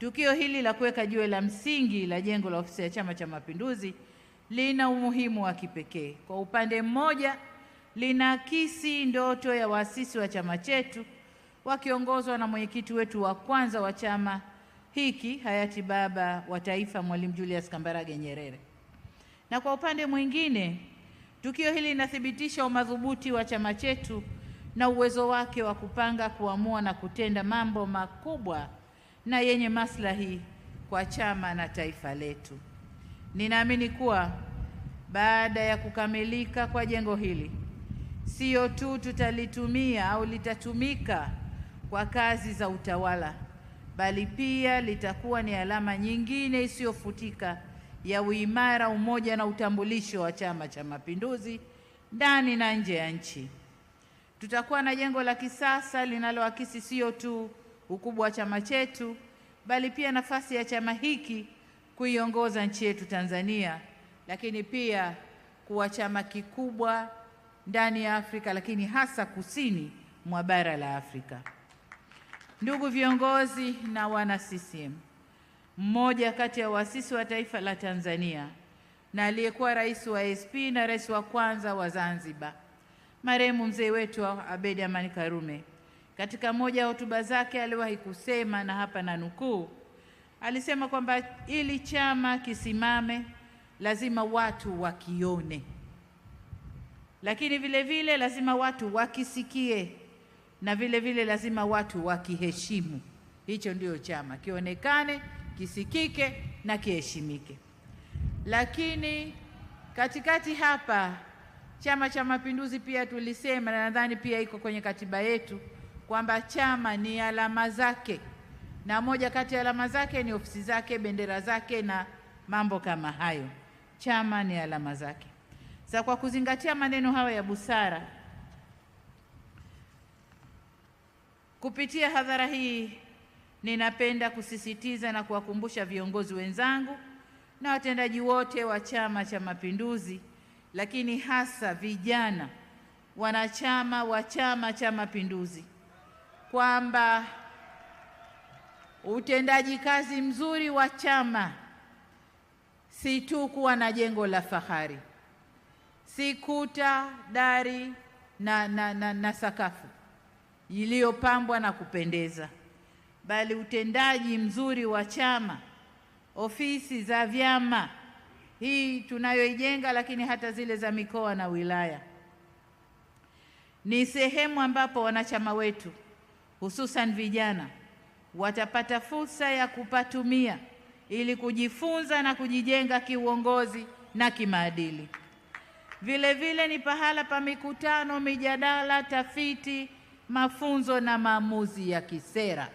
Tukio hili la kuweka jiwe la msingi la jengo la ofisi ya Chama cha Mapinduzi lina umuhimu wa kipekee. Kwa upande mmoja, linaakisi ndoto ya waasisi wa chama chetu wakiongozwa na mwenyekiti wetu wa kwanza wa chama hiki hayati Baba wa Taifa Mwalimu Julius Kambarage Nyerere, na kwa upande mwingine, tukio hili linathibitisha umadhubuti wa chama chetu na uwezo wake wa kupanga, kuamua na kutenda mambo makubwa na yenye maslahi kwa chama na taifa letu. Ninaamini kuwa baada ya kukamilika kwa jengo hili, sio tu tutalitumia au litatumika kwa kazi za utawala, bali pia litakuwa ni alama nyingine isiyofutika ya uimara, umoja na utambulisho wa Chama cha Mapinduzi ndani na nje ya nchi. Tutakuwa na jengo la kisasa linaloakisi sio tu ukubwa wa chama chetu, bali pia nafasi ya chama hiki kuiongoza nchi yetu Tanzania, lakini pia kuwa chama kikubwa ndani ya Afrika, lakini hasa kusini mwa bara la Afrika. Ndugu viongozi na wana CCM, mmoja kati ya waasisi wa taifa la Tanzania na aliyekuwa rais wa ASP na rais wa kwanza wa Zanzibar, marehemu mzee wetu Abedi Amani Karume katika moja ya hotuba zake aliwahi kusema, na hapa na nukuu, alisema kwamba ili chama kisimame lazima watu wakione, lakini vile vile lazima watu wakisikie, na vile vile lazima watu wakiheshimu. Hicho ndio chama, kionekane, kisikike na kiheshimike. Lakini katikati hapa Chama cha Mapinduzi pia tulisema, na nadhani pia iko kwenye katiba yetu kwamba chama ni alama zake, na moja kati ya alama zake ni ofisi zake, bendera zake na mambo kama hayo. Chama ni alama zake. Sasa kwa kuzingatia maneno hayo ya busara, kupitia hadhara hii ninapenda kusisitiza na kuwakumbusha viongozi wenzangu na watendaji wote wa Chama cha Mapinduzi, lakini hasa vijana wanachama wa Chama cha Mapinduzi kwamba utendaji kazi mzuri wa chama si tu kuwa na jengo la fahari, si kuta, dari na, na, na, na sakafu iliyopambwa na kupendeza, bali utendaji mzuri wa chama, ofisi za vyama hii tunayoijenga, lakini hata zile za mikoa na wilaya, ni sehemu ambapo wanachama wetu hususan vijana watapata fursa ya kupatumia ili kujifunza na kujijenga kiuongozi na kimaadili. Vile vile ni pahala pa mikutano, mijadala, tafiti, mafunzo na maamuzi ya kisera.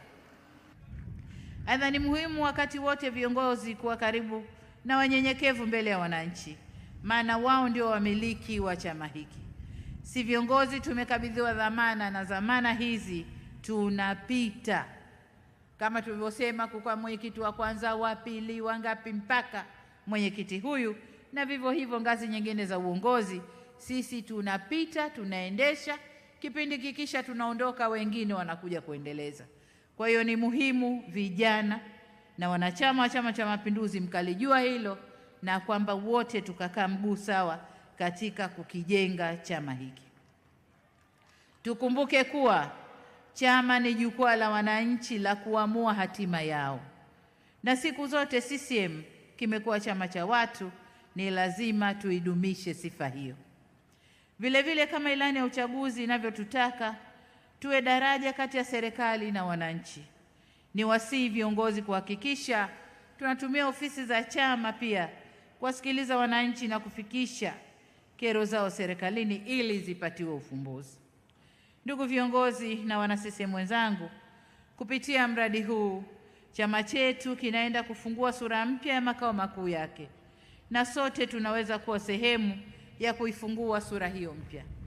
Aidha, ni muhimu wakati wote viongozi kuwa karibu na wanyenyekevu mbele ya wananchi, maana wao ndio wamiliki wa chama hiki. Si viongozi tumekabidhiwa dhamana, na dhamana hizi tunapita kama tulivyosema, kukuwa mwenyekiti wa kwanza, wa pili, wangapi, mpaka mwenyekiti huyu, na vivyo hivyo ngazi nyingine za uongozi. Sisi tunapita, tunaendesha, kipindi kikisha tunaondoka, wengine wanakuja kuendeleza. Kwa hiyo ni muhimu vijana na wanachama wa Chama cha Mapinduzi mkalijua hilo na kwamba wote tukakaa mguu sawa katika kukijenga chama hiki. Tukumbuke kuwa Chama ni jukwaa la wananchi la kuamua hatima yao, na siku zote CCM kimekuwa chama cha watu. Ni lazima tuidumishe sifa hiyo. Vile vile kama ilani ya uchaguzi inavyotutaka tuwe daraja kati ya serikali na wananchi. Ni wasihi viongozi kuhakikisha tunatumia ofisi za chama pia kuwasikiliza wananchi na kufikisha kero zao serikalini ili zipatiwe ufumbuzi. Ndugu viongozi na wanasisemu wenzangu, kupitia mradi huu chama chetu kinaenda kufungua sura mpya ya makao makuu yake na sote tunaweza kuwa sehemu ya kuifungua sura hiyo mpya.